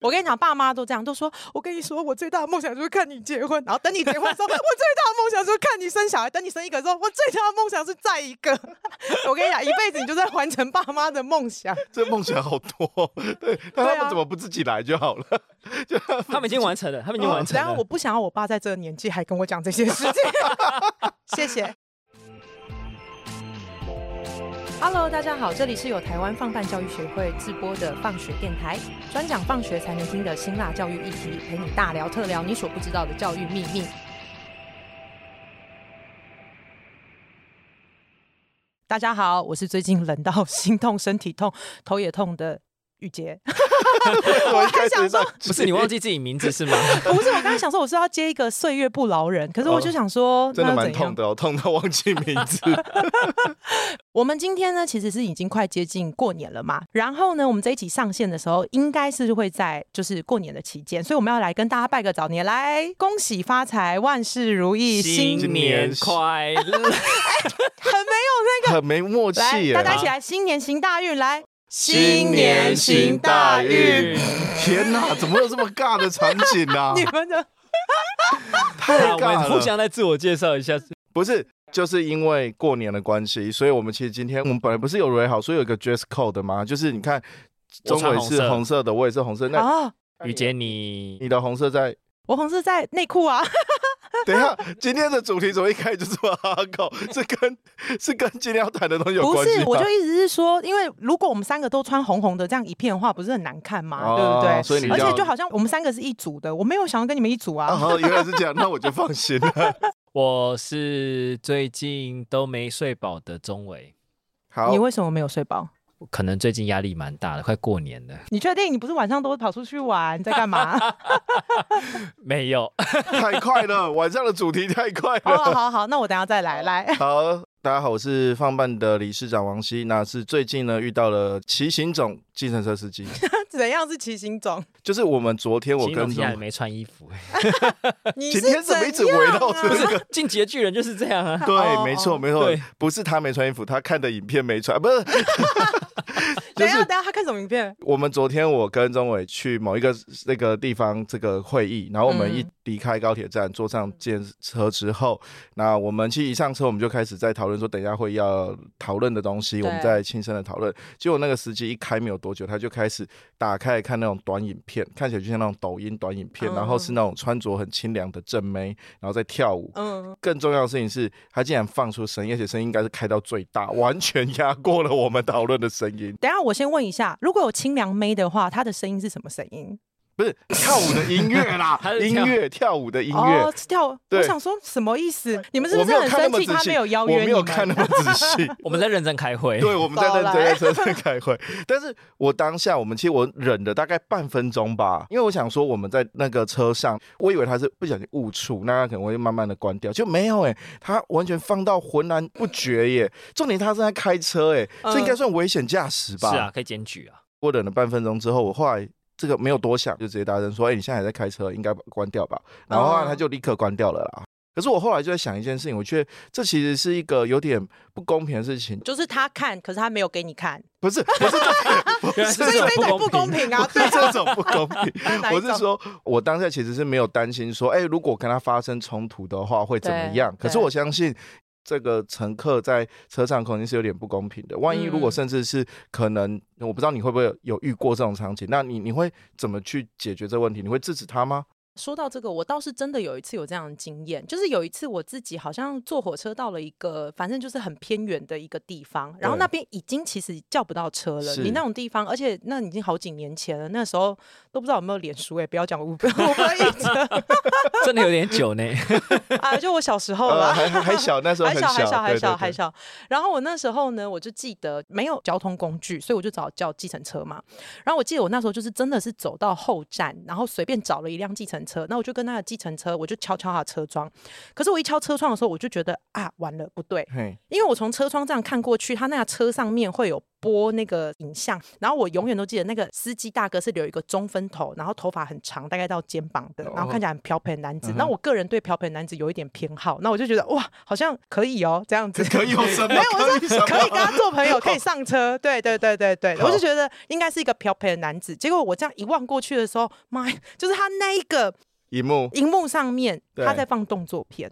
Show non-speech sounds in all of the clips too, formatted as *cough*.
我跟你講，爸媽都這樣，都說我跟你說，我最大的夢想就是看你結婚，然後等你結婚的時候，我最大的夢想就是看你生小孩， *laughs* 等你生一個的時候，我最大的夢想是再一個。 *laughs* 我跟你講，一輩子你就在完成爸媽的夢想。這夢想好多，對，但他們怎麼不自己來就好了？啊、就他們，他們已經完成了，他們已經完成了。然後、哦、我不想要我爸在這個年紀還跟我講這些事情。 *laughs* *laughs* 謝謝。Hello，大家好，這裡是由台灣放伴教育學會自播的放學電台，專講放學才能聽的辛辣教育議題，陪你大聊特聊你所不知道的教育秘密。大家好，我是最近冷到心痛、身體痛、頭也痛的。玉潔，雨 *laughs* 我還想說，不是你忘記自己名字是嗎？ *laughs* 不是，我剛才想說我是要接一個歲月不饒人，可是我就想說樣、哦、真的蠻痛的、哦，痛到忘記名字。 *laughs* *laughs* 我們今天呢，其實是已經快接近過年了嘛。然後呢，我們在一起上線的時候，應該是會在就是過年的期間，所以我們要來跟大家拜個早年，來恭喜發財，萬事如意，新年快樂、 *laughs* 欸。很沒有那個，很沒默契，來，大家一起來，啊、新年行大運來。新年行大運！ *laughs* 天哪，怎麼有這麼尬的場景啊？ *laughs* 你們的 *laughs* 太尬了。哎、我互相來自我介紹一下。不是，就是因為過年的關係，所以我們其實今天我們本來不是有約好，所以有一個 dress code 嘛，就是你看，中偉是紅色的，我也是紅色的。那雨杰，啊哎、你你的紅色在，我紅色在內褲啊。 *laughs* *laughs* 等一下，今天的主題怎麼一開始就是阿狗？是跟是跟今天要談的東西有關係？不是，我就一直是說，因為如果我們三個都穿紅紅的這樣一片的話，不是很難看嗎？哦，對不對？所以你而且就好像我們三個是一組的，我沒有想要跟你們一組啊。啊原來是這樣，那我就放心了。 *laughs* 我是最近都沒睡飽的鍾偉。好，你為什麼沒有睡飽？可能最近壓力蠻大的，快過年了。你確定你不是晚上都會跑出去玩？你在幹嘛？ *laughs* 沒有， *laughs* 太快了，晚上的主題太快了。好，好好好，那我等一下再來來。好，大家好，我是放伴的理事長王希。那是最近呢遇到了奇行種。計程車司機 *laughs* 怎樣是騎行裝？就是我們昨天我跟鍾偉沒穿衣服、欸，哎、 *laughs* *laughs* 啊，今天怎麼一直圍繞着這個？進擊 *laughs* 巨人就是這樣啊！對，沒錯，沒錯，不是他沒穿衣服，他看的影片沒穿，不是。 *laughs* *laughs* 等下，等下，他看什麼影片？ *laughs* 我們昨天我跟鍾偉去某一個那個地方，這個會議，然後我們一離開高鐵站，嗯、坐上計程車之後，那我們其實一上車，我們就開始在討論說，等一下會要討論的東西，對我們在輕聲的討論，結果那個司機一開沒有多。我覺得他就開始打開看那種短影片，看起來就像那種抖音短影片，然後是那種穿着很清涼的正妹，然後在跳舞。嗯，更重要的事情是，他竟然放出聲音，而且聲音應該是開到最大，完全壓過了我們討論的聲音。等下我先問一下，如果有清涼妹的話，她的聲音是什麼聲音？不是跳舞的音樂啦，還有 *laughs* 跳音樂跳舞的音樂，哦、跳。對我想說什麼意思？你們是不是很生氣？他沒有邀約，我沒有看那麼仔細。 *laughs* 我們在認真開會，對來，我們在認真在車上開會。但是我當下，我們其實我忍了大概半分鐘吧，因為我想說我們在那個車上，我以為他是不小心誤觸，那他可能會慢慢的關掉，就沒有哎、欸，他完全放到渾然不覺耶、欸。重點他是在開車哎、欸，這、嗯、應該算危險駕駛吧？是啊，可以檢舉啊。我忍了半分鐘之後，我後來。這個沒有多想，就直接大聲說：“哎、欸，你現在還在開車，應該關掉吧？”然後他就立刻關掉了啦。嗯、可是我後來就在想一件事情，我覺得這其實是一個有點不公平的事情，就是他看，可是他沒有給你看，不是，不是，這種不公平啊，對啊，這種不公平。 *laughs* 種我是說，我當下其實是沒有擔心說：“哎、欸，如果跟他發生衝突的話會怎麼樣？”可是我相信。這個乘客在車上肯定是有點不公平的。萬一如果甚至是可能，嗯、我不知道你會不會有遇過這種場景，那你你會怎麼去解決這個問題？你會制止他嗎？說到這個，我倒是真的有一次有這樣的經驗，就是有一次我自己好像坐火車到了一個，反正就是很偏遠的一個地方，然後那邊已經其實叫不到車了。你對那種地方，而且那已經好幾年前了，那時候都不知道有沒有臉書哎、欸，不要講烏五 *laughs* *laughs* *laughs* 真的有點久呢。 *laughs* 啊！就我小時候、呃、還還小那時候還小還小還小還小。然後我那時候呢，我就記得沒有交通工具，所以我就找叫計程車嘛。然後我記得我那時候就是真的是走到後站，然後隨便找了一輛計程車。車，那我就跟那個計程車，我就敲敲他車窗。可是我一敲車窗的時候，我就覺得啊，完了，不對，因為我從車窗這樣看過去，他那輛車上面會有，播那個影像，然後我永遠都記得那個司機大哥是留一個中分頭，然後頭髮很長，大概到肩膀的，然後看起來很漂撇的男子。那、哦嗯、我個人對漂撇的男子有一點偏好，那我就覺得哇，好像可以哦，這樣子可以哦， *laughs* 沒有，我說可以跟他做朋友， *laughs* 可以上車，對對對對對，對對對對好我就覺得應該是一個漂撇的男子。結果我這樣一望過去的時候，媽呀，就是他那一個熒幕熒幕上面他在放動作片，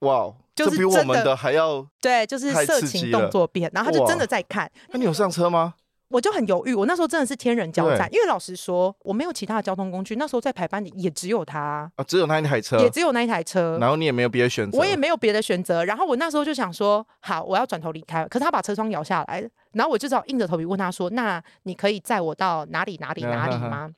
哇。就是真的比我們的還要對，就是色情動作片，然後他就真的在看。哇那就你有上車嗎？我就很猶豫，我那時候真的是天人交戰，對因為老實說我沒有其他的交通工具，那時候在排班裡也只有他啊，只有那一台車，也只有那一台車，然後你也沒有別的選擇，我也沒有別的選擇。然後我那時候就想說，好，我要轉頭離開，可是他把車窗搖下來，然後我就只好硬着頭皮問他說：“那你可以載我到哪裡哪裡哪裡嗎？”啊啊啊、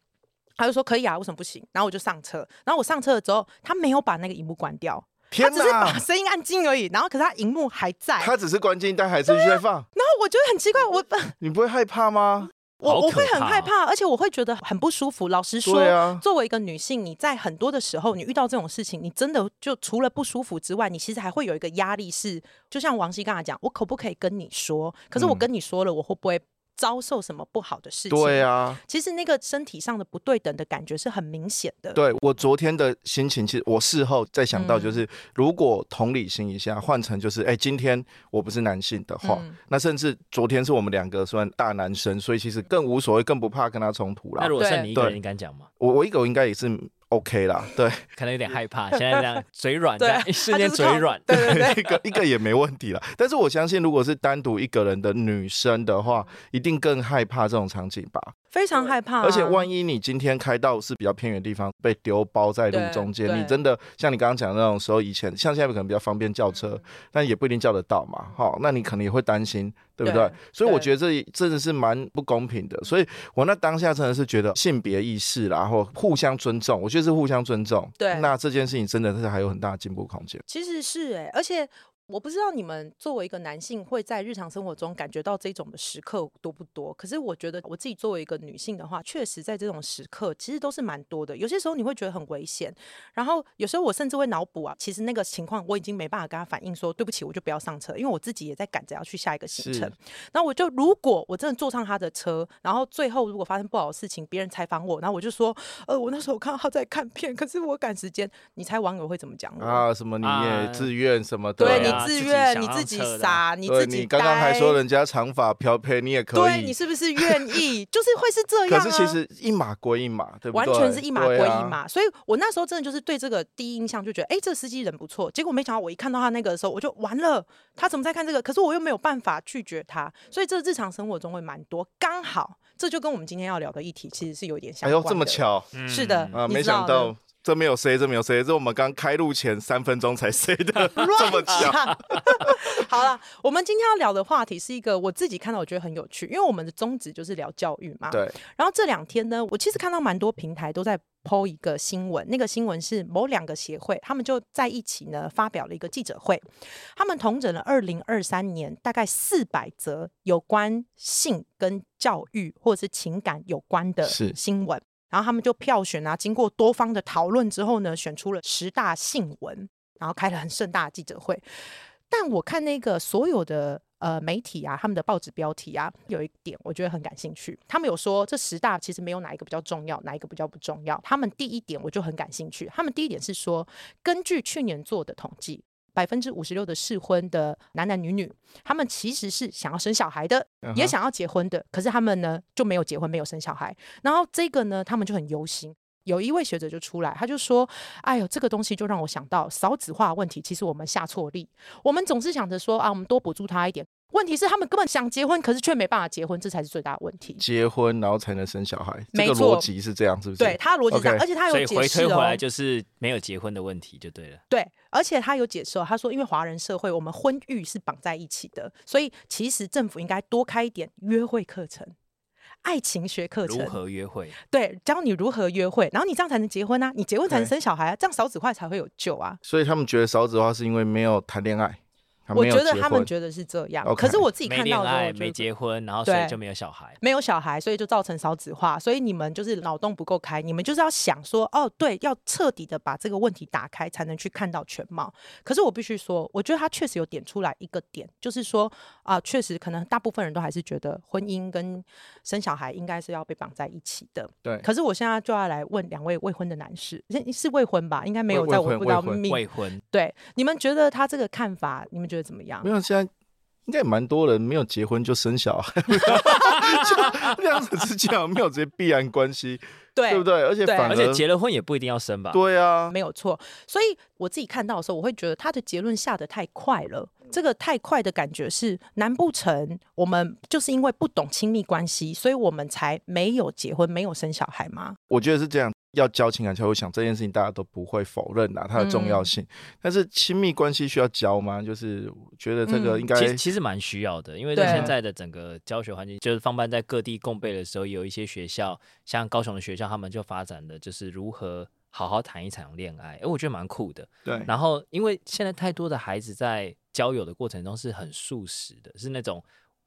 他就說：“可以啊，為什麼不行？”然後我就上車，然後我上車了之後，他沒有把那個熒幕關掉。他只是把聲音按靜而已，然後可是他熒幕還在。他只是關靜，但還是繼續放，啊。然後我覺得很奇怪，我你不會害怕嗎？我我會很害怕，而且我會覺得很不舒服。老實說，啊、作為一個女性，你在很多的時候，你遇到這種事情，你真的就除了不舒服之外，你其實還會有一個壓力是，是就像王熙剛才講，我可不可以跟你說？可是我跟你說了，嗯、我會不會？遭受什麼不好的事情？對、啊、其實那個身體上的不對等的感覺是很明顯的。對，我昨天的心情，其實我事後再想到，就是、嗯、如果同理心一下，換成就是，哎、欸，今天我不是男性的話，嗯、那甚至昨天是我們兩個算大男生，所以其實更無所謂，更不怕跟他衝突了。那如果剩你一個人應該講，你敢講嗎？我我一個，應該也是。OK 啦，對，可能有點害怕。現在這樣嘴軟，對，一瞬間嘴軟， *laughs* 對,對，對 *laughs* 一個一個也沒問題啦。但是我相信，如果是單獨一個人的女生的話，一定更害怕這種場景吧。非常害怕、啊，而且萬一你今天開到是比較偏遠的地方，被丟包在路中間，對 你真的像你剛剛講的那種時候，以前像現在可能比較方便叫車，但也不一定叫得到嘛，哈，那你可能也會擔心，對不對？對 所以我覺得這真的是蠻不公平的，所以我那當下真的是覺得性別意識，然後互相尊重，我覺得是互相尊重。對，那這件事情真的是還有很大的進步空間。其實是哎、欸，而且。我不知道你們作為一個男性會在日常生活中感覺到這種的時刻多不多？可是我覺得我自己作為一個女性的話，確實在這種時刻其實都是蠻多的。有些時候你會覺得很危險，然後有時候我甚至會腦補啊，其實那個情況我已經沒辦法跟他反映，說對不起，我就不要上車，因為我自己也在趕着要去下一個行程是。那我就如果我真的坐上他的車，然後最後如果發生不好的事情，別人採訪我，然後我就說，呃，我那時候看到他在看片，可是我趕時間。你猜網友會怎麼講？啊，什麼你也自願什麼的？對，自願你自己殺，你自己殺。你剛剛還說人家長髮飄飄，你也可以。對，你是不是願意？ *laughs* 就是會是這樣、啊、可是其實一碼歸一碼，對，對，完全是一碼歸一碼。啊、所以我那時候真的就是對這個第一印象就覺得，哎、欸，這司機人不錯。結果沒想到我一看到他那個的時候，我就完了。他怎麼在看這個？可是我又沒有辦法拒絕他。所以這日常生活中會蠻多。剛好，這就跟我們今天要聊的議題其實是有一點相關的。哎呦，這麼巧！是的，沒想到。這沒有 C，這沒有 C，這我們剛開錄前三分鐘才 C 的，這麼巧！Right! *laughs* 好了，我們今天要聊的話題是一個我自己看到我覺得很有趣，因為我們的宗旨就是聊教育嘛。對。然後這兩天呢，我其實看到蠻多平台都在 po 一個新聞，那個新聞是某兩個協會，他們就在一起呢發表了一個記者會，他們統整了二零二三年大概四百則有關性跟教育或者是情感有關的新聞。然後他們就票選啊，經過多方的討論之後呢，選出了十大新聞，然後開了很盛大的記者會。但我看那個所有的呃媒體啊，他們的報紙標題啊，有一點我覺得很感興趣。他們有說這十大其實沒有哪一個比較重要，哪一個比較不重要。他們第一點我就很感興趣。他們第一點是說，根據去年做的統計。百分之五十六的適婚的男男女女，他們其實是想要生小孩的，uh huh. 也想要結婚的，可是他們呢就沒有結婚，沒有生小孩。然後這個呢，他們就很憂心。有一位學者就出來，他就說：“哎呦，這個東西就讓我想到少子化問題。其實我們下錯力，我們總是想着說啊，我們多補助他一點。”問題是他們根本想結婚，可是卻沒辦法結婚，這才是最大的問題。結婚然後才能生小孩，沒錯，這個邏輯是這樣，是不是？對，他的邏輯是這樣。Okay. 而且他有解釋哦。所以回推回來就是沒有結婚的問題就對了。對，而且他有解釋哦，他說因為華人社會我們婚育是綁在一起的，所以其實政府應該多開一點約會課程、愛情學課程，如何約會？對，教你如何約會，然後你這樣才能結婚啊，你結婚才能生小孩啊，Okay. 這樣少子化才會有救啊。所以他們覺得少子化是因為沒有談戀愛。啊、我覺得他們覺得是這樣，okay, 可是我自己看到的，沒結婚，然後所以就沒有小孩，沒有小孩，所以就造成少子化。所以你們就是腦洞不夠開，你們就是要想說，哦，對，要徹底的把這個問題打開，才能去看到全貌。可是我必須說，我覺得他確實有點出來一個點，就是說啊，確、呃、實可能大部分人都還是覺得婚姻跟生小孩應該是要被綁在一起的。對。可是我現在就要來問兩位未婚的男士，是，是未婚吧？應該沒有在我不知道命未婚。未婚對，你們覺得他這個看法，你們覺得？會怎麼樣？沒有，現在應該也蠻多人沒有結婚就生小孩， *laughs* *laughs* 這樣子是這樣，沒有這些必然關係， *laughs* 對，對不對？而且反而，而且結了婚也不一定要生吧？對啊，沒有錯。所以我自己看到的時候，我會覺得他的結論下得太快了。這個太快的感覺是，難不成我們就是因為不懂親密關係，所以我們才沒有結婚、沒有生小孩嗎？我覺得是這樣。要教情感，才會想這件事情，大家都不會否認的，啊，它的重要性。嗯、但是親密關係需要教嗎？就是覺得這個應該，嗯、其實其實蠻需要的，因為在現在的整個教學環境，對就是放伴在各地共備的時候，有一些學校，像高雄的學校，他們就發展的就是如何好好談一場戀愛，哎，我覺得蠻酷的。對，然後因為現在太多的孩子在交友的過程中是很速食的，是那種。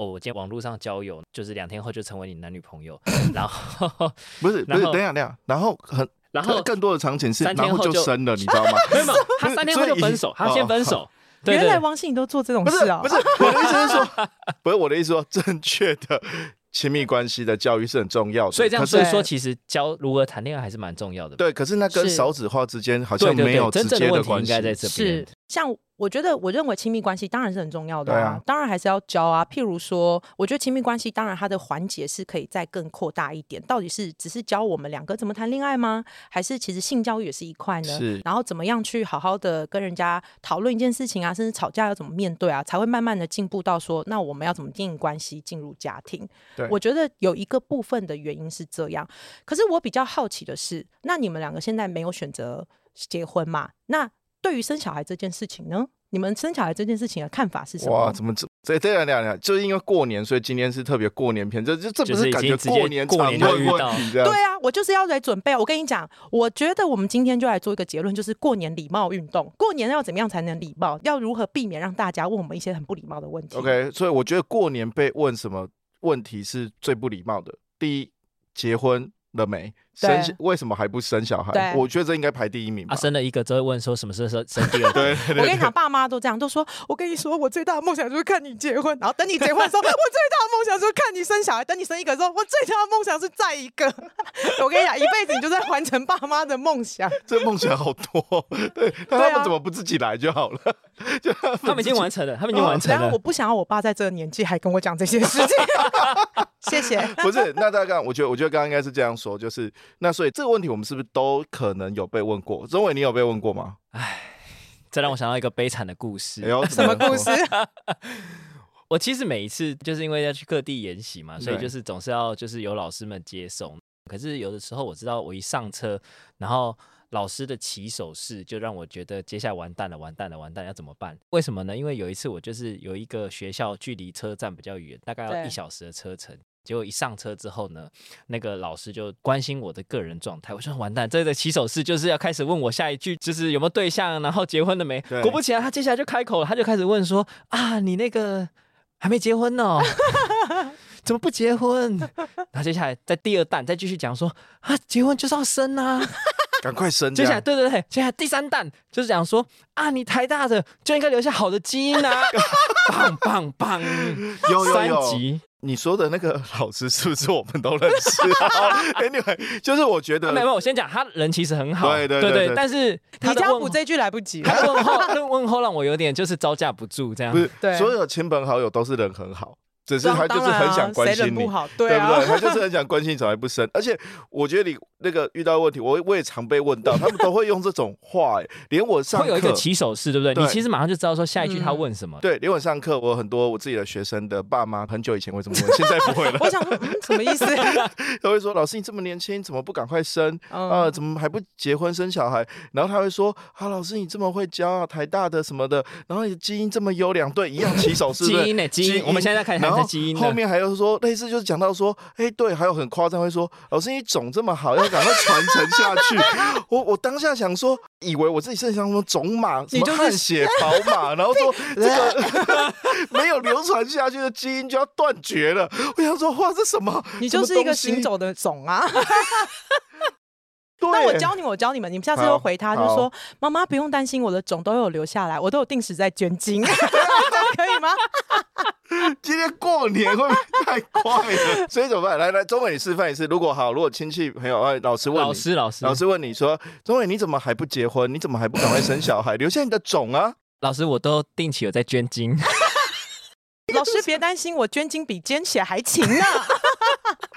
我今天網絡上交友，就是兩天後就成為你男女朋友，然後不是，不是，等下，等下，然後很，然後更多的場景是然後就生了，你知道嗎？他三天後就分手，他先分手。原來王心怡都做這種事啊？不是我的意思是說，不是我的意思說，正確的親密關係的教育是很重要，所以這樣所以說，其實教如何談戀愛還是蠻重要的。對，可是那跟少子化之間好像沒有直接的關係。應該在這邊。是像。我覺得我認為親密關係當然是很重要的啊，對啊，當然還是要教啊。譬如說，我覺得親密關係當然它的環節是可以再更擴大一點。到底是只是教我們兩個怎麼談戀愛嗎？還是其實性教育也是一塊呢？是然後怎麼樣去好好的跟人家討論一件事情啊，甚至吵架要怎麼面對啊，才會慢慢的進步到說，那我們要怎麼定義關係進入家庭？對，我覺得有一個部分的原因是這樣。可是我比較好奇的是，那你們兩個現在沒有選擇結婚嗎？那。對於生小孩這件事情呢，你們生小孩這件事情的看法是什麼？哇，怎麼這這這樣這樣？就是因為過年，所以今天是特別過年篇，這這這不是趕一個過年的問題 *laughs* 對啊，我就是要來準備，我跟你講，我覺得我們今天就來做一個結論，就是過年禮貌運動，過年要怎麼樣才能禮貌？要如何避免讓大家問我們一些很不禮貌的問題？OK，所以我覺得過年被問什麼問題是最不禮貌的，第一，結婚了沒？生對為什麼還不生小孩？對我覺得這應該排第一名吧。啊，生了一個之後問說什麼時候生生第二個？ *laughs* 對對對對，我跟你講，爸媽都這樣，都說我跟你說，我最大的夢想就是看你結婚，然後等你結婚的時候， *laughs* 我最大的夢想就是看你生小孩。等你生一個的時候，我最大的夢想是再一個。 *laughs* 我跟你講，一輩子你就在完成爸媽的夢想。 *laughs* 這夢想好多，對，對啊，他們怎麼不自己來就好了？就他們，他們已經完成了，他們已經完成了，嗯。我不想要我爸在這個年紀還跟我講這些事情。 *laughs* 謝謝， *laughs* 不是，那大概，我覺得，我覺得剛剛應該是這樣說，就是那所以這個問題，我們是不是都可能有被問過？鍾偉，你有被問過嗎？哎，這讓我想到一個悲慘的故事。哎、呦麼什麼故事、啊？ *laughs* 我其實每一次就是因為要去各地研習嘛，所以就是總是要就是有老師們接送。對可是有的時候我知道，我一上車，然後老師的起手式就讓我覺得接下來完蛋了，完蛋了，完蛋了，要怎麼辦？為什麼呢？因為有一次我就是有一個學校距離車站比較遠，大概要一小時的車程。結果一上車之後呢，那個老師就關心我的個人狀態。我說完蛋，這個起手式就是要開始問我下一句，就是有沒有對象，然後結婚了沒？對果不其然，他接下來就開口了，他就開始問說：“啊，你那個還沒結婚哦， *laughs* 怎麼不結婚？” *laughs* 然後接下來在第二彈再繼續講說：“啊，結婚就是要生啊。 *laughs* ”趕快生！接下來，對對對，接下來第三彈就是講說啊，你台大的就應該留下好的基因啊， *laughs* 棒棒棒，有 *laughs* 三集有有有。你說的那個老師是不是我們都認識、啊、 *laughs* ？Anyway，就是我覺得，啊、沒有，我先講，他人其實很好，對，對對對。對對對，但是他你家補這一句來不及了， *laughs* 他問候他問候讓我有點就是招架不住這樣。是對、啊。所有親朋好友都是人很好。只是他就是很想關心你，對不對？他就是很想關心你怎麼還不生。 *laughs* 而且我覺得你那個遇到問題，我我也常被問到，他們都會用這種話、欸，連我上課會有一個起手式，對不對？對你其實馬上就知道說下一句他問什麼。嗯、對，連我上課，我很多我自己的學生的爸媽，很久以前會這麼問，現在不會了。 *laughs* 我想問、嗯、什麼意思、啊？ *laughs* 他會說：“老師，你這麼年輕，怎麼不趕快生啊、嗯呃？怎麼還不結婚生小孩？”然後他會說：“啊，老師，你這麼會教啊，台大的什麼的，然後你的基因這麼優良，對，一樣起手式， *laughs* 基因的、欸、基因？基因我們現在，在看一下。”後,後面還有說類似就是講到說，哎，對，還有很誇張會說，老師你種這麼好，要趕快傳承下去。我我當下想說，以為我自己身上什麼種馬，你就是汗血寶馬，然後說、就是、這個 *laughs* 沒有流傳下去的基因就要斷絕了。我想說，哇，這什麼？什麼你就是一個行走的種啊。但 *laughs* *laughs* 對那我教你，我教你們，你們下次又回他，好就說好媽媽不用擔心，我的種都有留下來，我都有定時在捐精， *laughs* 可以嗎？ *laughs* 今天過年會不會太快了，所以怎麼辦？來來，鍾偉，你示範一次。如果好，如果親戚朋友啊，老師問你，老師老師老師問你說，鍾偉你怎麼還不結婚？你怎麼還不趕快生小孩，留下你的種啊？老師，我都定期有在捐精。 *laughs* 老師別擔心，我捐精比捐血還勤啊！ *laughs*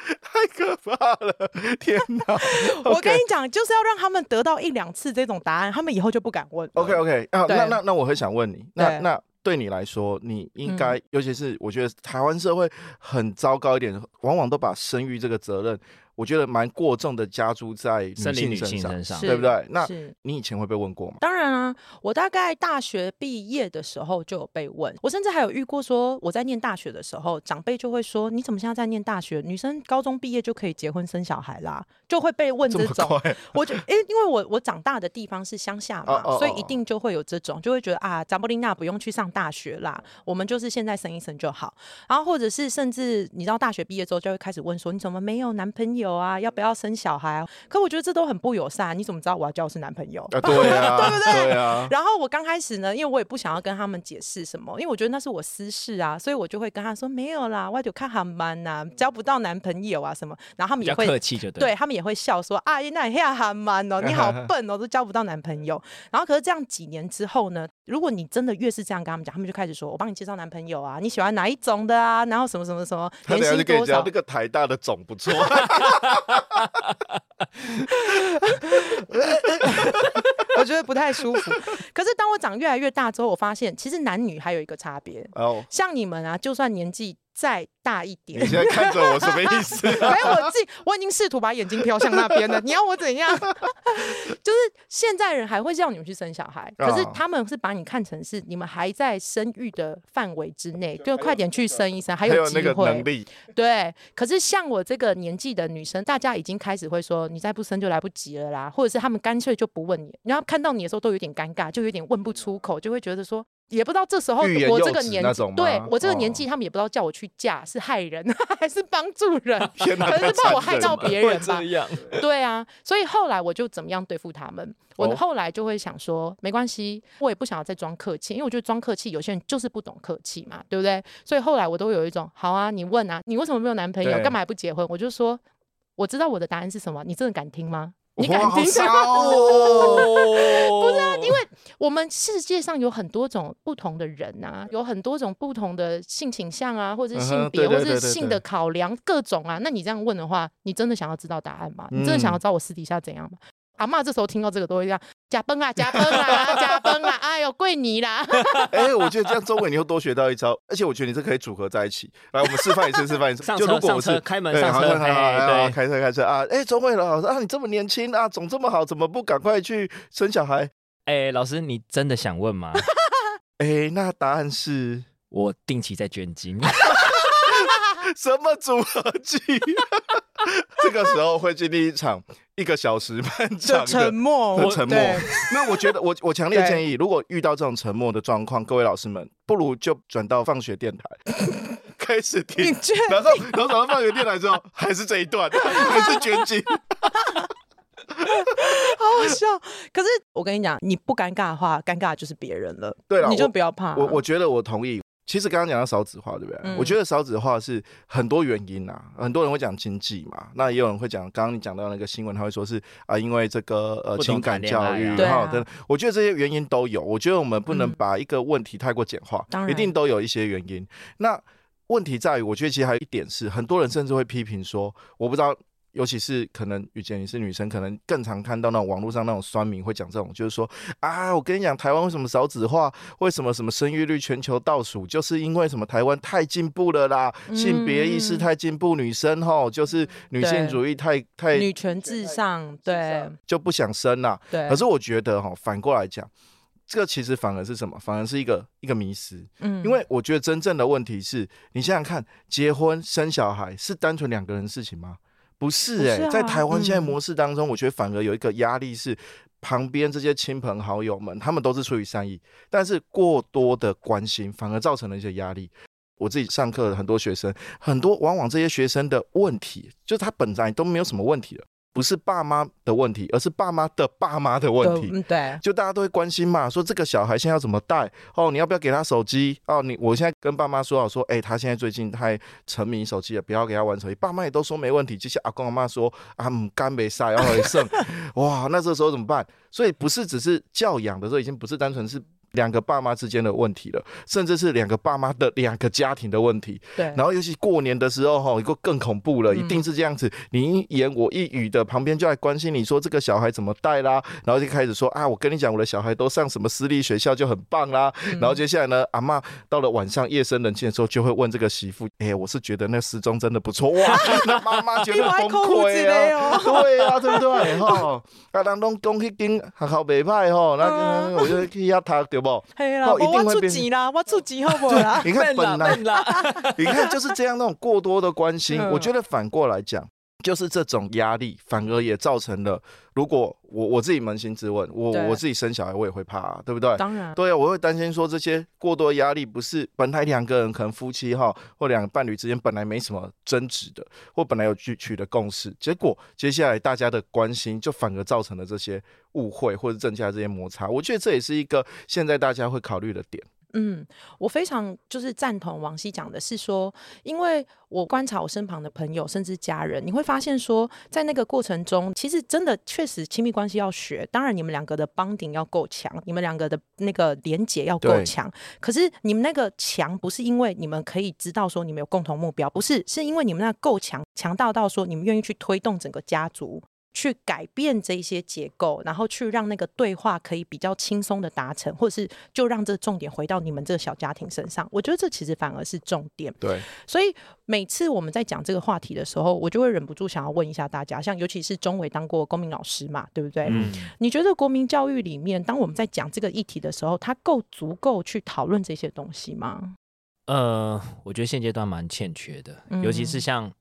*laughs* 太可怕了，天哪！Okay. *laughs* 我跟你講，就是要讓他們得到一兩次這種答案，他們以後就不敢問了。OK OK、啊、對那那那我很想問你，那對那。對你來說，你應該，嗯、尤其是我覺得台灣社會很糟糕一點，往往都把生育這個責任，我覺得蠻過重的加諸在女性，女性身上，對不對？是那你以前會被問過嗎？當然啊，我大概大學畢業的時候就有被問，我甚至還有遇過說我在念大學的時候，長輩就會說：你怎麼現在在念大學？女生高中畢業就可以結婚生小孩啦，就會被問這種。這我就，哎、欸，因為我我長大的地方是鄉下嘛， *laughs* 所以一定就會有這種，就會覺得啊，查某囡仔不用去上大學啦，我們就是現在生一生就好。然後或者是甚至你到大學畢業之後，就會開始問說：你怎麼沒有男朋友？有啊，要不要生小孩、啊？可我覺得這都很不友善、啊。你怎麼知道我要交的是男朋友？啊、對呀、啊， *laughs* 對不對？對啊、然後我剛開始呢，因為我也不想要跟他們解釋什麼，因為我覺得那是我私事啊，所以我就會跟他們說沒有啦，我就看韓漫吶，交不到男朋友啊什麼。然後他們也會客氣就對，對，他們也會笑說：“哎、啊，那你看韓漫哦，你好笨哦，都交不到男朋友。” *laughs* 然後可是這樣幾年之後呢，如果你真的越是這樣跟他們講，他們就開始說我幫你介紹男朋友啊，你喜歡哪一種的啊？然後什麼什麼什麼，年薪多少，他這樣就跟你講那個台大的種不錯。 *laughs* *laughs* 我覺得不太舒服。可是當我長越來越大之後，我發現其實男女還有一個差別。像你們啊，就算年紀。再大一點，你現在看着我什麼意思？沒 *laughs* 有，我自己我已經試圖把眼睛飄向那邊了。你要我怎樣？ *laughs* 就是現在人還會叫你們去生小孩，可是他們是把你看成是你們還在生育的範圍之內，就快點去生一生，還有機會、能力。對，可是像我這個年紀的女生，大家已經開始會說，你再不生就來不及了啦，或者是他們乾脆就不問你。你要看到你的時候都有點尷尬，就有點問不出口，就會覺得說。也不知道這時候我這個年紀，對我這個年紀，他們也不知道叫我去嫁是害人還是幫助人，哪可能是怕我害到別人吧。對啊，所以後來我就怎麼樣對付他們？我後來就會想說，哦、沒關係，我也不想要再裝客氣，因為我覺得裝客氣有些人就是不懂客氣嘛，對不對？所以後來我都會有一種，好啊，你問啊，你為什麼沒有男朋友，對幹嘛還不結婚？我就說，我知道我的答案是什麼，你真的敢聽嗎？你敢聽什麼、哦哦、 *laughs* 不知道、啊。我們世界上有很多種不同的人啊，有很多種不同的性傾向啊，或者是性別，嗯、對對對對，或者是性的考量，各種啊。那你這樣問的話，你真的想要知道答案嗎？嗯、你真的想要知道我私底下怎樣嗎？阿嬤這時候聽到這個都會這樣：假崩啊，假崩啊，假崩啊！ *laughs* 哎呦，跪你啦！哎、 *laughs* 欸，我覺得這樣周偉，你會多學到一招，而且我覺得你這可以組合在一起。來，我們示範一次，示範一次。 *laughs* 上車，就如果我是上車，開門，欸、上車，上車，開車，開車啊！哎、欸，周偉老師啊，你這麼年輕啊，總這麼好，怎麼不趕快去生小孩？哎，老師，你真的想問嗎？哎，那答案是我定期在捐精。什麼組合技？ *laughs* 這個時候會經歷一場一個小時漫長的沉默的沉默。沉默我那我覺得我，我我強烈建議，如果遇到這種沉默的狀況，對各位老師們，不如就轉到放學電台 *laughs* 開始聽，然後然後轉到放學電台之後， *laughs* 還是這一段，還是捐精。 *laughs* *laughs* 好，好笑，可是我跟你講，你不尷尬的話，尷尬就是別人了。對了啦，你就不要怕，啊我。我我覺得我同意。其實剛剛講到少子化，對不對？嗯、我覺得少子化是很多原因啊，很多人會講經濟嘛。那也有人會講，剛剛你講到那個新聞，他會說是啊，因為這個呃情感教育哈。對，我覺得這些原因都有。我覺得我們不能把一個問題太過簡化，嗯、一定都有一些原因。那問題在於，我覺得其實還有一點是，很多人甚至會批評說，我不知道。尤其是可能，雨姐你是女生，可能更常看到那種網絡上那種酸民會講這種，就是說啊，我跟你講，台灣為什麼少子化？為什麼什麼生育率全球倒數？就是因為什麼？台灣太進步了啦，嗯、性別意識太進步，女生吼就是女性主義太對太女權至上，對上，就不想生了。對。可是我覺得吼，反過來講，這個其實反而是什麼？反而是一個一個迷思。嗯。因為我覺得真正的問題是，你想想看，結婚生小孩是單純兩個人的事情嗎？不是誒、欸，是啊，在台灣現在模式當中，嗯，我覺得反而有一個壓力是，旁邊這些親朋好友們，他們都是出於善意，但是過多的關心反而造成了一些壓力。我自己上課，很多學生，很多往往這些學生的問題，就是他本來都沒有什麼問題的。不是爸媽的問題，而是爸媽的爸媽的問題。對，就大家都會關心嘛，說這個小孩現在要怎麼帶哦？你要不要給他手機哦？你我現在跟爸媽說，我說誒、欸，他現在最近太沉迷手機了，不要給他玩手機。爸媽也都說沒問題，就像阿公阿媽說，啊，嗯，肝沒殺，然後一剩，哇，那這時候怎麼辦？所以不是只是教養的時候，已經不是單純是兩個爸媽之間的問題了，甚至是兩個爸媽的兩個家庭的問題。對，然後尤其過年的時候哈，一個更恐怖了，嗯、一定是這樣子，你一言我一語的，旁邊就來關心你說這個小孩怎麼帶啦，然後就開始說啊，我跟你講，我的小孩都上什麼私立學校就很棒啦。嗯、然後接下來呢，阿媽到了晚上夜深人靜的時候，就會問這個媳婦，哎、欸，我是覺得那時鐘真的不錯哇， *laughs* *laughs* 那媽媽覺得崩潰啊， *laughs* 對啊，對不對？哈、哦， *laughs* 啊，啊 *laughs* 人攏講迄間學校袂派吼，那個、 *laughs* 我就去遐他著。不，我出錢啦，我出錢好不好？啦？笨了， *laughs* 笨啦， *laughs* 你看就是這樣，那種過多的關心， *laughs* 我覺得反過來講。呵呵就是這種壓力，反而也造成了。如果我我自己捫心自問，我對我自己生小孩，我也會怕啊，對不對？當然，對啊，我會擔心說這些過多壓力，不是本來兩個人可能夫妻哈或兩個伴侶之間本來沒什麼爭執的，或本來有去取得共識，結果接下來大家的關心就反而造成了這些誤會或者增加這些摩擦。我覺得這也是一個現在大家會考慮的點。嗯，我非常就是贊同王熙講的，是說，因為我觀察我身旁的朋友甚至家人，你會發現說，在那個過程中，其實真的確實親密關係要學。當然，你們兩個的 bonding 要夠強，你們兩個的那個連結要夠強。對可是，你們那個強不是因為你們可以知道說你們有共同目標，不是，是因為你們那夠強，強到到說你們願意去推動整個家族。去改變這一些結構，然後去讓那個對話可以比較輕鬆的達成，或者是就讓這重點回到你們這個小家庭身上。我覺得這其實反而是重點。對，所以每次我們在講這個話題的時候，我就會忍不住想要問一下大家，像尤其是中偉當過公民老師嘛，對不對？嗯。你覺得國民教育裡面，當我們在講這個議題的時候，他夠足夠去討論這些東西嗎？呃，我覺得現階段蠻欠缺的，尤其是像、嗯、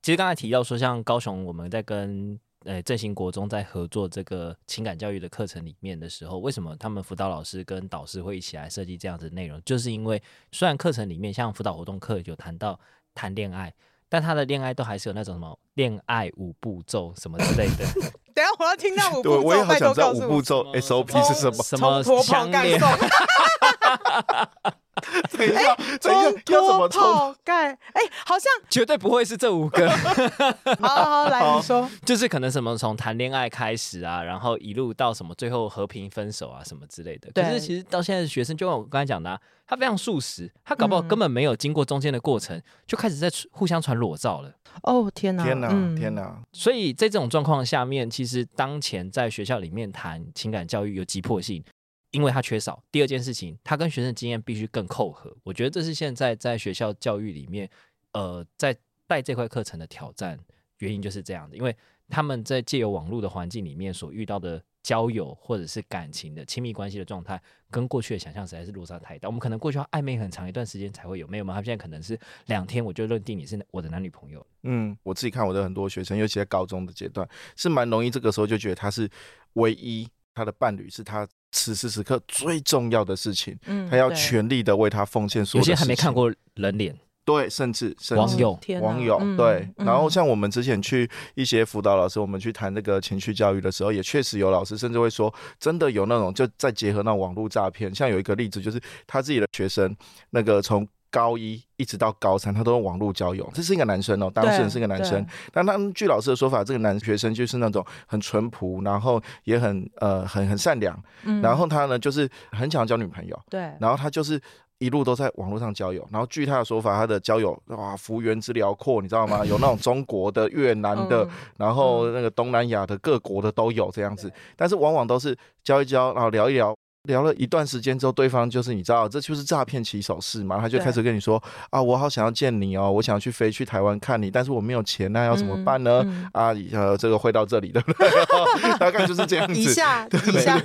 其實剛才提到說，像高雄我們在跟。誒，振興國中在合作這個情感教育的課程裡面的時候，為什麼他們輔導老師跟導師會一起來設計這樣子的內容？就是因為雖然課程裡面像輔導活動課有談到談戀愛，但他的戀愛都還是有那種什麼戀愛五步驟什麼之類的。 *laughs* 等一下我要聽到五步驟 *laughs* 對，我也好想知道五步驟 SOP 是什麼什麼，什麼強烈。 *laughs* 哈哈哈哈哈！哎，這個、欸、要怎麼衝蓋？哎、欸，好像絕對不會是這五個。好好，好來，好你說，就是可能什麼從談戀愛開始啊，然後一路到什麼最後和平分手啊什麼之類的。可是其實到現在，學生就像我剛才講的、啊，他非常速食，他搞不好根本沒有經過中間的過程，嗯、就開始在互相傳裸照了。哦天哪！天哪、啊啊嗯啊！天哪、啊！所以在這種狀況下面，其實當前在學校裡面談情感教育有急迫性。因為他缺少第二件事情，他跟學生的經驗必須更扣合。我覺得這是現在在學校教育裡面，呃，在帶這塊課程的挑戰原因就是這樣的。因為他們在借由網絡的環境裡面所遇到的交友或者是感情的親密關係的狀態，跟過去的想象實在是落差太大。我們可能過去要曖昧很長一段時間才會有，沒有嗎？他現在可能是兩天，我就認定你是我的男女朋友。嗯，我自己看我的很多學生，尤其在高中的階段，是蠻容易這個時候就覺得他是唯一，他的伴侶是他，此時此刻最重要的事情，嗯、他要全力的為他奉獻所有，有些還沒看過人臉，對，甚至，甚至網友，哦、網友、嗯、對。嗯、然後像我們之前去一些輔導老師，我們去談那個情緒教育的時候，也確實有老師，甚至會說，真的有那種，就在結合那種網絡詐騙。像有一個例子，就是他自己的學生，那個從。高一一直到高三，他都用網絡交友。這是一個男生哦、喔，當事人是一個男生。但他據老師的說法，這個男生學生就是那種很淳樸，然後也很呃很很善良。嗯、然後他呢，就是很想交女朋友。對。然後他就是一路都在網絡上交友。然後據他的說法，他的交友哇，幅員之遼闊，你知道嗎？ *laughs* 有那種中國的、越南的，嗯、然後那個東南亞的各國的都有這樣子。對但是往往都是交一交，然後聊一聊。聊了一段時間之後，對方就是你知道，這就是詐騙起手式嘛，他就開始跟你說對啊，我好想要見你哦，我想要去飛去台灣看你，但是我沒有錢，啊，那要怎麼辦呢？嗯嗯、啊，呃，這個會到這裡的，大對概、哦、 *laughs* 就是這樣子，對？對對下，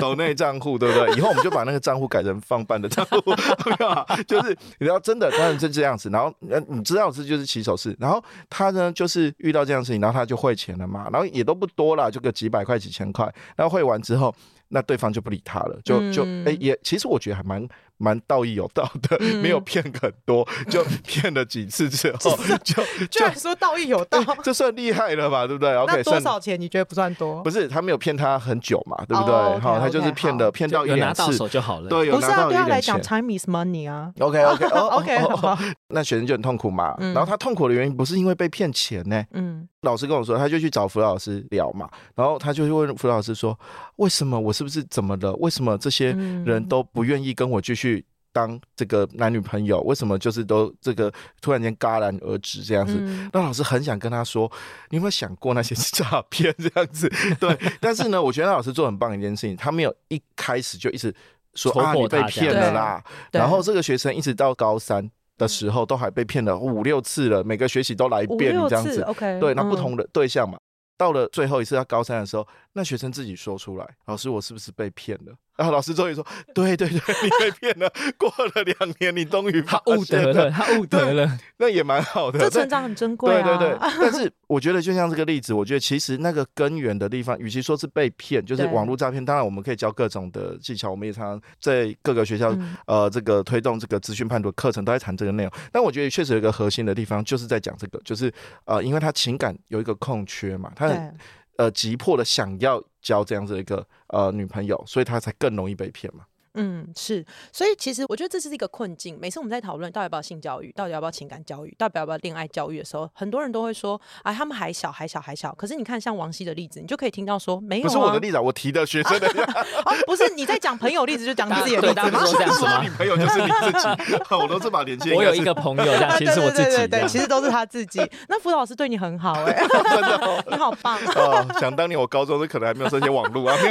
抖內賬戶對不對？對不對 *laughs* 以後我們就把那個賬戶改成放伴的賬戶， *laughs* 就是你知道，真的當然是這樣子，然後那你，嗯、知道這就是起手式，然後他呢就是遇到這樣事情，然後他就匯錢了嘛，然後也都不多了，就個幾百塊幾千塊，那匯完之後。那對方就不理他了，就就哎、欸，也其實我覺得還蠻。嗯蠻道義有道的，沒有騙很多，就騙了幾次之後，就就居然說道義有道，這算厲害了吧？對不對？那多少錢？你覺得不算多？不是，他沒有騙他很久嘛，對不對？好，他就是騙了騙到一兩次就有拿到手就好了。對，不是啊，對他來講，time is money 啊。OK OK OK OK，那學生就很痛苦嘛。然後他痛苦的原因不是因為被騙錢呢。嗯，老師跟我說，他就去找傅老師聊嘛。然後他就問傅老師說：“為什麼我是不是怎麼了？為什麼這些人都不願意跟我繼續？”當這個男女朋友為什麼就是都這個突然間戛然而止這樣子？嗯、那老師很想跟他說，你有沒有想過那些是詐騙這樣子？對， *laughs* 但是呢，我覺得那老師做很棒的一件事情，他沒有一開始就一直說啊，你被騙了啦。然後這個學生一直到高三的時候，都還被騙了五六次了，嗯、每個學期都來一遍這樣子。OK，對，那不同的對象嘛。嗯、到了最後一次他高三的時候，那學生自己說出來，老師，我是不是被騙了？啊！然後老師終於說：“對對對，你被騙了。” *laughs* 過了兩年，你終於他悟得了，他悟得了那，那也蠻好的。這成長很珍貴，啊、對，對對對。 *laughs* 但是我覺得，就像這個例子，我覺得其實那個根源的地方，與其說是被騙，就是網絡詐騙。對當然，我們可以教各種的技巧，我們也常常在各個學校，嗯、呃，這個推動這個資訊判讀課程都在談這個內容。但我覺得確實有一個核心的地方，就是在講這個，就是呃，因為他情感有一個空缺嘛，他很。呃，急迫的想要交這樣子一個呃女朋友，所以他才更容易被騙嘛。嗯，是，所以其實我覺得這是一個困境。每次我們在討論到底要不要性教育，到底要不要情感教育，到底要不要戀愛教育的時候，很多人都會說：“啊，他們還小，還小，還小。”可是你看，像王熙的例子，你就可以聽到說：“沒有。”不是我的例子，我提的學生的例子。哦，不是，你在講朋友例子，就講自己的例子嗎？你朋友就是你自己，我都是把年我有一個朋友，其實我自己，其實都是他自己。那輔導老師對你很好哎，真的，你好棒哦，想當年我高中時可能還沒有這些網路啊，沒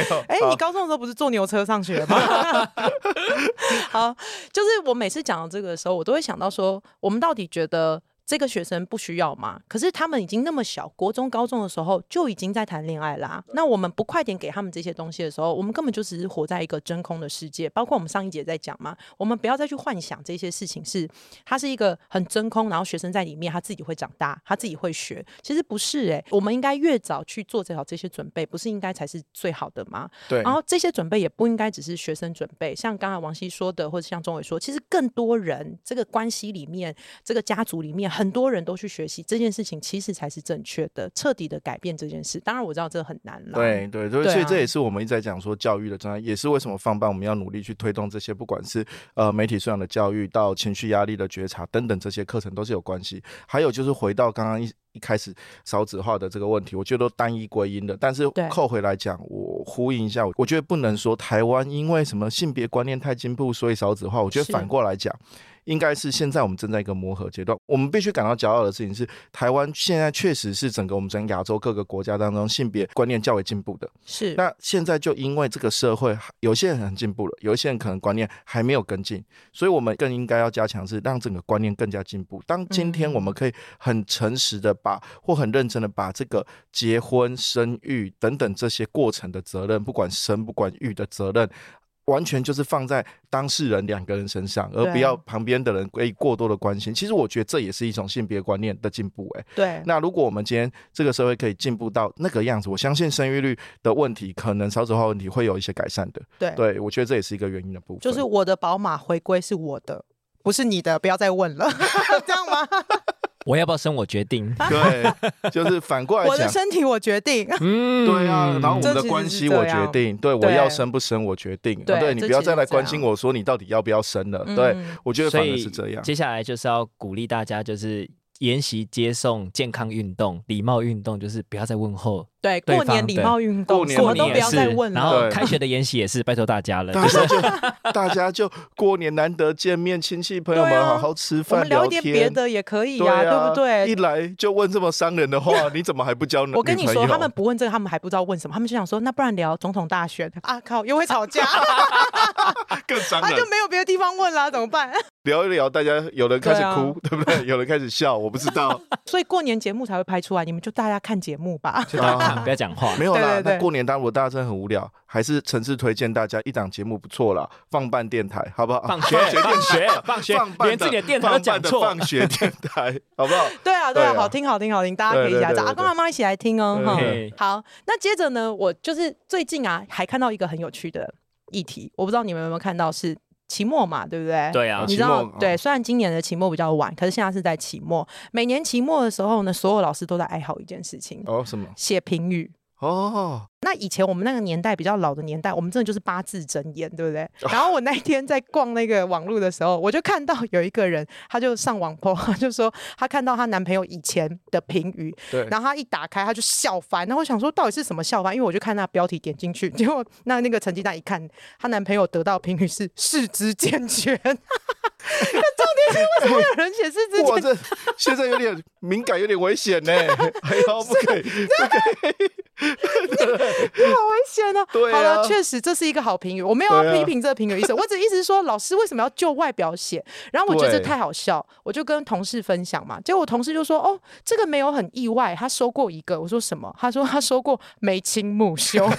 有，哎，你高中的時候不是做？牛車上學嗎？ *laughs* *laughs* 好，就是我每次講到這個的時候，我都會想到說，我們到底覺得。這個學生不需要嗎？可是他們已經那麼小，國中、高中的時候就已經在談戀愛啦。那我們不快點給他們這些東西的時候，我們根本就只是活在一個真空的世界。包括我們上一節在講嘛，我們不要再去幻想這些事情是它是一個很真空，然後學生在裡面他自己會長大，他自己會學。其實不是哎、欸，我們應該越早去做好這些準備，不是應該才是最好的嗎？對。然後這些準備也不應該只是學生準備，像剛才王希說的，或者像鍾偉說，其實更多人這個關係裡面，這個家族裡面。很多人都去學習這件事情，其實才是正確的、徹底的改變這件事。當然我知道這很難了。對，對對，對啊。所以這也是我們一直在講說教育的重要，也是為什麼放伴我們要努力去推動這些，不管是呃媒體素養的教育到情緒壓力的覺察等等這些課程都是有關係。還有就是回到剛剛一。一開始少子化的這個問題，我覺得都單一歸因的。但是扣回來講，對我呼應一下，我覺得不能說台灣因為什麼性別觀念太進步，所以少子化。我覺得反過來講，是應該是現在我們正在一個磨合階段。我們必須感到驕傲的事情是，台灣現在確實是整個我們整個亞洲各個國家當中性別觀念較為進步的。是。那現在就因為這個社會，有些人很進步了，有一些人可能觀念還沒有跟進，所以我們更應該要加強，是讓整個觀念更加進步。當今天我們可以很誠實的。把或很認真的把這個結婚、生育等等這些過程的責任，不管生不管育的責任，完全就是放在當事人兩個人身上，而不要旁邊的人給予過多的關心。其實我覺得這也是一種性別觀念的進步。哎，對。那如果我們今天這個社會可以進步到那個樣子，我相信生育率的問題，可能少子化問題會有一些改善的。對，對我覺得這也是一個原因的部分。就是我的寶馬回歸是我的，不是你的，不要再問了， *laughs* 這樣嗎？ *laughs* 我要不要生，我決定。 *laughs* 對，就是反過來講， *laughs* 我的身體我決定。 *laughs* 嗯，對啊，然後我們的關係我決定。對，我要生不生我決定對、啊。對，你不要再來關心我說你到底要不要生了。對，對，我覺得反而是這樣。接下來就是要鼓勵大家，就是沿襲接送、健康運動、禮貌運動，就是不要再問候。對，過年禮貌運動，過年都不要再問了。然後開學的研習也是，拜托大家了。大家就大家就過年難得見面，親戚朋友們好好吃飯。我們聊一點別的也可以呀，對不對？一來就問這麼傷人的話，你怎麼還不交女朋友？我跟你說，他們不問這個，他們還不知道問什麼。他們就想說，那不然聊總統大選啊？靠，又會吵架，更傷人。那就沒有別的地方問了，怎麼辦？聊一聊，大家有人開始哭，對不對？有人開始笑，我不知道。所以過年節目才會拍出來，你們就大家看節目吧。不要講話，沒有啦。那過年當如果大家真的很無聊，還是誠摯推薦大家一檔節目不錯啦，放伴電台，好不好？放學，放學，放學，連自己的電台都講錯，放學電台，好不好？對啊，對啊，好聽，好聽，好聽，大家可以來找阿公阿媽一起來聽哦。好，那接着呢，我就是最近啊，還看到一個很有趣的議題，我不知道你們有沒有看到是。期末嘛，對不對？對呀、啊，你知道，期末，對，嗯，雖然今年的期末比較晚，可是現在是在期末。每年期末的時候呢，所有老師都在哀嚎一件事情，哦，什麼？寫評語。哦。那以前我們那個年代比較老的年代，我們真的就是八字真言，對不對？Oh. 然後我那一天在逛那個網路的時候，我就看到有一個人，他就上網播，他就說他看到他男朋友以前的評語。對。然後他一打開，他就笑翻。然後我想說，到底是什麼笑翻？因為我就看那標題，點進去，結果那那個成績單一看，他男朋友得到評語是四肢健全。那 *laughs* *laughs* 重點是為什麼有人寫四肢健全、哎這？現在有點敏感，有點危險呢。 *laughs* 哎呀，不可以，不可以。你 *laughs* 你好危險哦、啊！對啊、好了，確實這是一個好評語，我沒有要批評這個評語意思，啊、我只意思是說老師為什麼要就外表寫？然後我覺得這太好笑，對我就跟同事分享嘛，結果同事就說：“哦，這個沒有很意外。”他收過一個，我說什麼？他說他收過眉清目秀。 *laughs*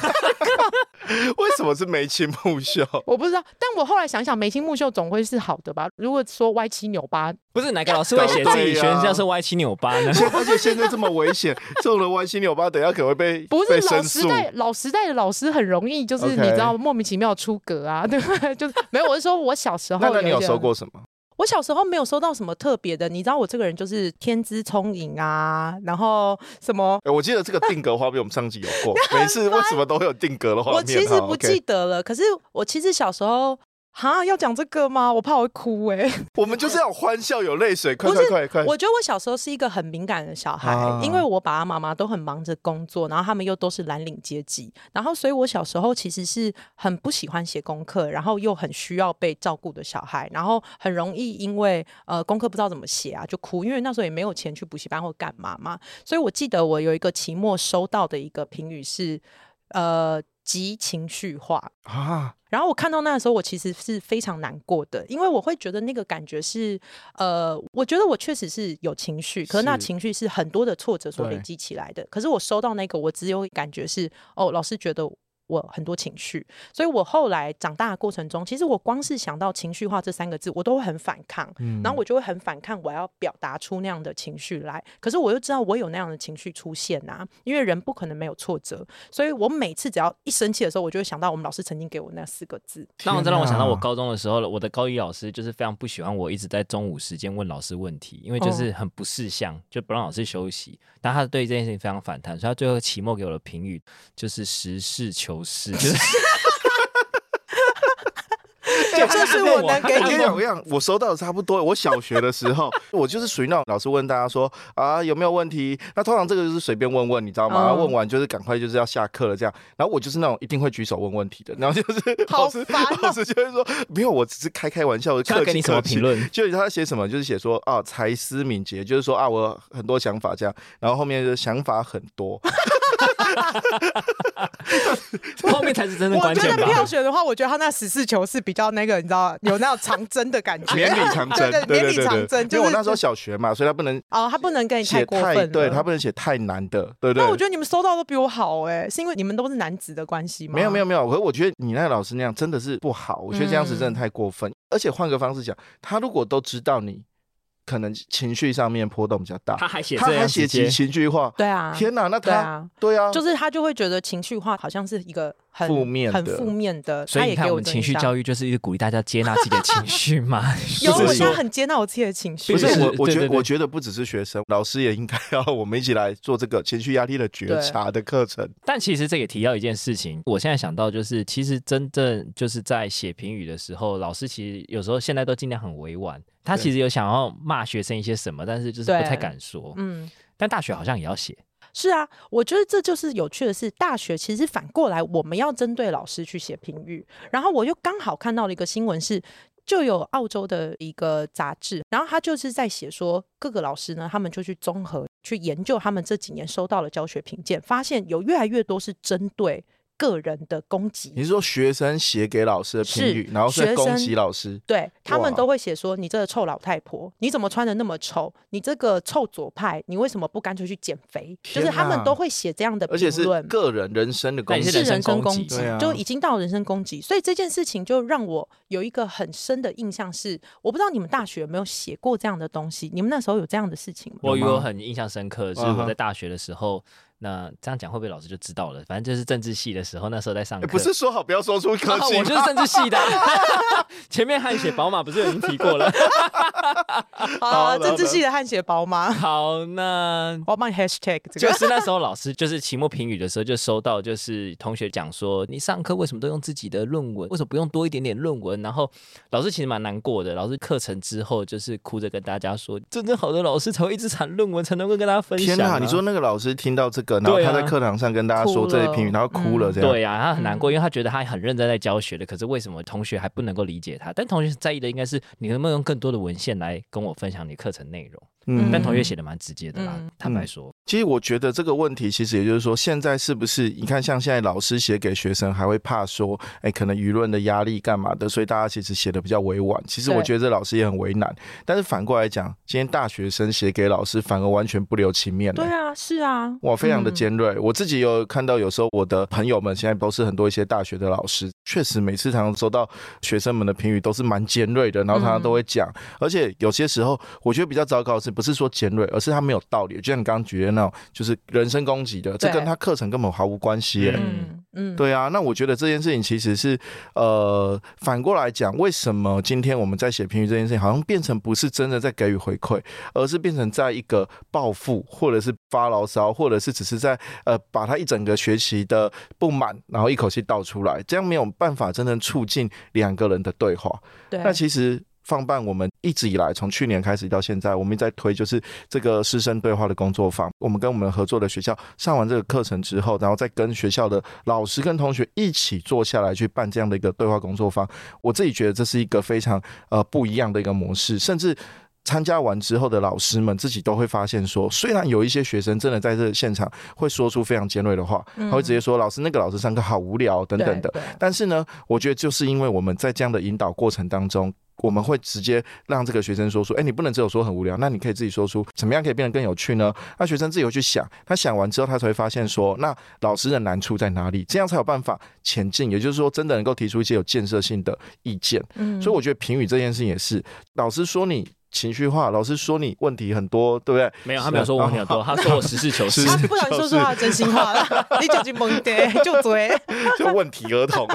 為什麼是眉清目秀？ *laughs* 我不知道，但我後來想想，眉清目秀總會是好的吧？如果說歪七扭八，不是哪個老師會寫自己選擇是歪七扭八呢？我發現現在這麼危險， *laughs* 這種的歪七扭八，等下可能會被不是被申訴。老時代的老師很容易，就是你知道，莫名其妙出格啊，Okay. 對不對？就是沒有，我是說我小時候。 *laughs* 那那你有收過什麼？我小時候沒有收到什麼特別的。你知道我這個人就是天資聰穎啊，然後什麼？哎、欸，我記得這個定格畫面我們上集有過， *laughs* 每次為什麼都會有定格的畫面？ *laughs* 我其實不記得了，Okay. 可是我其實小時候。哈，要講這個嗎？我怕我會哭誒、欸，我們就是要歡笑有淚水，快 *laughs* 是快快快！我覺得我小時候是一個很敏感的小孩，啊、因為我爸爸媽媽都很忙着工作，然後他們又都是藍領階級，然後所以，我小時候其實是很不喜歡寫功課，然後又很需要被照顧的小孩，然後很容易因為呃功課不知道怎麼寫啊就哭，因為那時候也沒有錢去補習班或幹嘛嘛。所以我記得我有一個期末收到的一個評語是，呃。極情緒化啊！然後我看到那個時候，我其實是非常難過的，因為我會覺得那個感覺是，呃，我覺得我確實是有情緒，可是那情緒是很多的挫折所累積起來的。是可是我收到那個，我只有感覺是，哦，老師覺得。我很多情緒，所以我後來長大的過程中，其實我光是想到“情緒化”這三個字，我都會很反抗。嗯，然後我就會很反抗，我要表達出那樣的情緒來。可是我又知道我有那樣的情緒出現吶、啊，因為人不可能沒有挫折。所以我每次只要一生氣的時候，我就會想到我們老師曾經給我那四個字。那這哪讓我想到我高中的時候，我的高一老師就是非常不喜歡我一直在中午時間問老師問題，因為就是很不識相，哦、就不讓老師休息。但他對這件事情非常反彈，所以他最後期末給我的評語就是實事求是。不是、欸，就是我能給我跟你講，我我收到的差不多。我小學的時候， *laughs* 我就是屬於那種老師問大家說啊有沒有問題，那通常這個就是隨便問問，你知道嗎？哦、問完就是趕快就是要下課了這樣。然後我就是那種一定會舉手問問題的，然後就是老師好煩、哦、老師就會說沒有，我只是開開玩笑的。我客氣客氣他給你什麼評論？就是他寫什麼？就是寫說啊才思敏捷，就是說啊我很多想法這樣，然後後面的想法很多。 *laughs* 哈哈哈！哈哈哈哈哈！後面才是真的關鍵吧？票選的話，我覺得他那實事求是比較那個，你知道有那種長征的感覺，年底 *laughs* 長征， *laughs* 對對對，年底長征。就我那時候小學嘛，所以他不能啊、哦，他不能跟你寫寫 太，對，他不能寫太難的，對對，對。那我覺得你們收到都比我好哎、欸，是因為你們都是男子的關係嗎？沒有沒有沒有，可是我覺得你那個老師那樣真的是不好，我覺得這樣子真的太過分。嗯、而且換個方式講，他如果都知道你。可能情緒上面波動比較大，他還寫，他還寫情緒化。對啊，天哪，那他。對啊，就是他就會覺得情緒化好像是一個很負面、很負面的。所以你看，我們情緒教育就是一直鼓勵大家接納自己的情緒嘛。有，我現在很接納我自己的情緒。不是，我我覺得，我覺得不只是學生，老師也應該要我們一起來做這個情緒壓力的覺察的課程。但其實這也提到一件事情，我現在想到就是，其實真正就是在寫評語的時候，老師其實有時候現在都儘量很委婉。他其實有想要罵學生一些什麼，對但是就是不太敢說。嗯，但大學好像也要寫。是啊，我覺得這就是有趣的是，大學其實反過來我們要針對老師去寫評語。然後我又剛好看到了一個新聞，是就有澳洲的一個雜誌，然後他就是在寫說各個老師呢，他們就去綜合去研究他們這幾年收到的教學評鑑，發現有越來越多是針對。個人的攻擊，你是說學生寫給老師的評語，是然後是攻擊老師，對，他們都會寫說：“你這個臭老太婆，哇你怎麼穿得那麼醜？你這個臭左派，你為什麼不乾脆去減肥？”啊、就是他們都會寫這樣的評論，而且是個人人身的攻擊，人是人身攻擊，啊、就已經到人身攻擊。所以這件事情就讓我有一個很深的印象是，是我不知道你們大學有沒有寫過這樣的東西，你們那時候有這樣的事情嗎？我有很印象深刻，嗯、是我在大學的時候。嗯那這樣講會不會老師就知道了？反正就是政治系的時候，那時候在上課、欸。不是說好不要說出科系、啊？我就是政治系的， *laughs* *laughs* 前面汗血寶馬不是有人提過了？好，政治系的汗血寶馬。好，那寶馬 hashtag、這個、就是那時候老師就是期末評語的時候就收到，就是同學講說你上課為什麼都用自己的論文？為什麼不用多一點點論文？然後老師其實蠻難過的，老師課程之後就是哭着跟大家說，真正好的老師才會一直產論文，才能夠跟大家分享、啊。天哪、啊，你說那個老師聽到這個。然後他在課堂上跟大家說這些評語，了然後哭了，這樣、嗯、對啊，他很難過，因為他覺得他很認真在教學的，可是為什麼同學還不能夠理解他？但同學在意的應該是你能不能用更多的文獻來跟我分享你課程內容。嗯，但同學寫的蠻直接的啦，坦、嗯、白說。嗯其實我覺得這個問題，其實也就是說，現在是不是你看，像現在老師寫給學生，還會怕說，哎，可能輿論的壓力幹嘛的，所以大家其實寫的比較委婉。其實我覺得這老師也很為難。但是反過來講，今天大學生寫給老師，反而完全不留情面。對啊，是啊，哇，非常的尖銳。我自己有看到，有時候我的朋友們現在都是很多一些大學的老師，確實每次常常收到學生們的評語都是蠻尖銳的，然後他都會講。而且有些時候，我覺得比較糟糕的是，不是說尖銳，而是他沒有道理。就像你剛剛覺那就是人身攻擊的，對這跟他課程根本毫無關係耶。嗯嗯，對啊。那我覺得這件事情其實是，呃，反過來講，為什麼今天我們在寫評語這件事情，好像變成不是真的在給予回饋，而是變成在一個報復，或者是發牢騷，或者是只是在呃把他一整個學期的不滿，然後一口氣倒出來，這樣沒有辦法真正促進兩個人的對話。對，那其實。放伴我們一直以來從去年開始到現在，我們一直在推，就是這個師生對話的工作坊。我們跟我們合作的學校上完這個課程之後，然後再跟學校的老師跟同學一起坐下來去辦這樣的一個對話工作坊。我自己覺得這是一個非常呃不一樣的一個模式，甚至。參加完之後的老師們自己都會發現說，雖然有一些學生真的在這個現場會說出非常尖銳的話，他會直接說老師，那個老師上課好無聊等等的，但是呢，我覺得就是因為我們在這樣的引導過程當中，我們會直接讓這個學生說說，哎，你不能只有說很無聊，那你可以自己說出怎麼樣可以變得更有趣呢？那學生自己會去想，他想完之後，他才會發現說，那老師的難處在哪裡？這樣才有辦法前進，也就是說，真的能夠提出一些有建設性的意見。所以我覺得評語這件事情也是老師說你情緒化，老師說你問題很多，對不對？沒有，他沒有說我問題很多，啊哦、他說我實事求是。 *laughs* 是他不想說實話，真心話 *laughs* *laughs* 你就句懵爹就對， *laughs* 就問題兒童。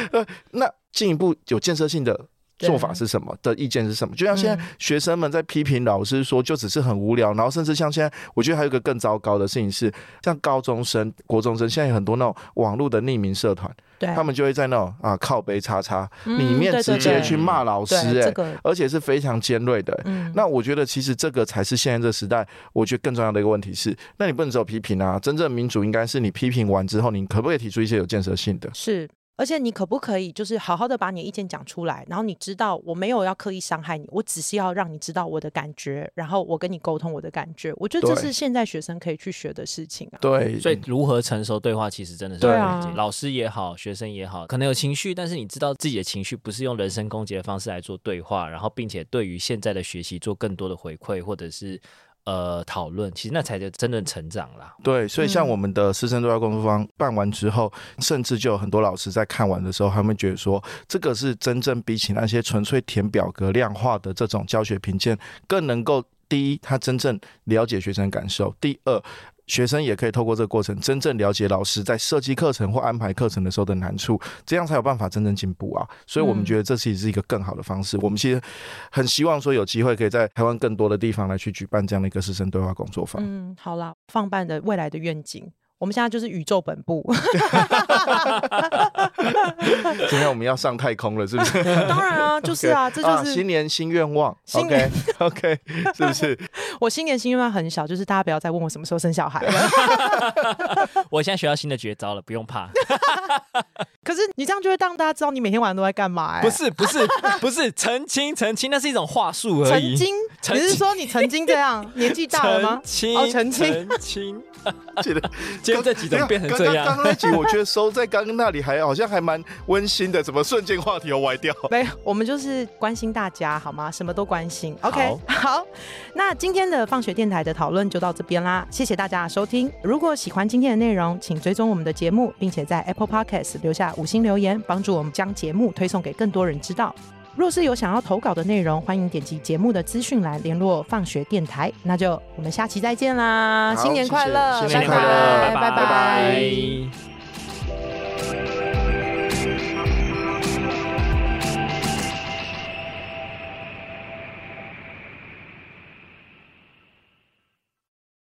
*laughs* 那進一步有建設性的。對做法是什麼？的意見是什麼？就像現在學生們在批評老師，說就只是很無聊，嗯、然後甚至像現在，我覺得還有一個更糟糕的事情是，像高中生、國中生，現在有很多那種網絡的匿名社團，對他們就會在那種啊靠北叉叉裡面直接去罵老師、欸，而且是非常尖銳的、欸。嗯、那我覺得其實這個才是現在這個時代，我覺得更重要的一個問題是，是那你不能只有批評啊，真正民主應該是你批評完之後，你可不可以提出一些有建設性的？是。而且你可不可以就是好好的把你的意見講出來？然後你知道我沒有要刻意傷害你，我只是要讓你知道我的感覺，然後我跟你溝通我的感覺。我覺得這是現在學生可以去學的事情啊。對，嗯、所以如何成熟對話其實真的是對啊，嗯、老師也好，學生也好，可能有情緒，但是你知道自己的情緒不是用人身攻擊的方式來做對話，然後並且對於現在的學習做更多的回饋，或者是。呃，討論其實那才叫真正成長啦。對，所以像我們的師生對話工作坊辦完之後，嗯、甚至就有很多老師在看完的時候，他們覺得說，這個是真正比起那些純粹填表格量化的這種教學評鑑，更能夠第一，他真正了解學生感受；第二。學生也可以透過這個過程，真正了解老師在設計課程或安排課程的時候的難處，這樣才有辦法真正進步啊！所以我們覺得這其實是一個更好的方式。嗯、我們其實很希望說有機會可以在台灣更多的地方來去舉辦這樣的一個師生對話工作坊。嗯，好啦，放伴的未來的願景。我們現在就是宇宙本部， *laughs* 今天我們要上太空了，是不是？ *laughs* 當然啊，就是啊，Okay. 這就是、啊、新年新願望。新年，OK，OK，是不是？我新年新願望很小，就是大家不要再問我什麼時候生小孩了。 *laughs* *laughs* 我現在學到新的絕招了，不用怕。 *laughs* 可是你這樣就會讓大家知道你每天晚上都在幹嘛、欸不？不是不是不是澄清澄清，那是一種話術而已。曾經只是說你曾經這樣， *laughs* 澄清，年紀大了嗎？哦澄清哦，澄清。覺得剛剛這幾段變成這樣，剛剛剛剛那集我覺得收在剛剛那裡還好像還蠻溫馨的， *laughs* 怎麼瞬間話題又歪掉？沒有，我們就是關心大家好嗎？什麼都關心。OK，好，好，那今天的放學電台的討論就到這邊啦，謝謝大家的收聽。如果喜歡今天的內容，請追蹤我們的節目，並且在 Apple Podcast 留下。五星留言，幫助我們將節目推送給更多人知道。若是有想要投稿的內容，歡迎點擊節目的資訊欄聯絡放學電台。那就我們下期再見啦！好新年快樂，謝謝，新年快樂，拜拜拜拜。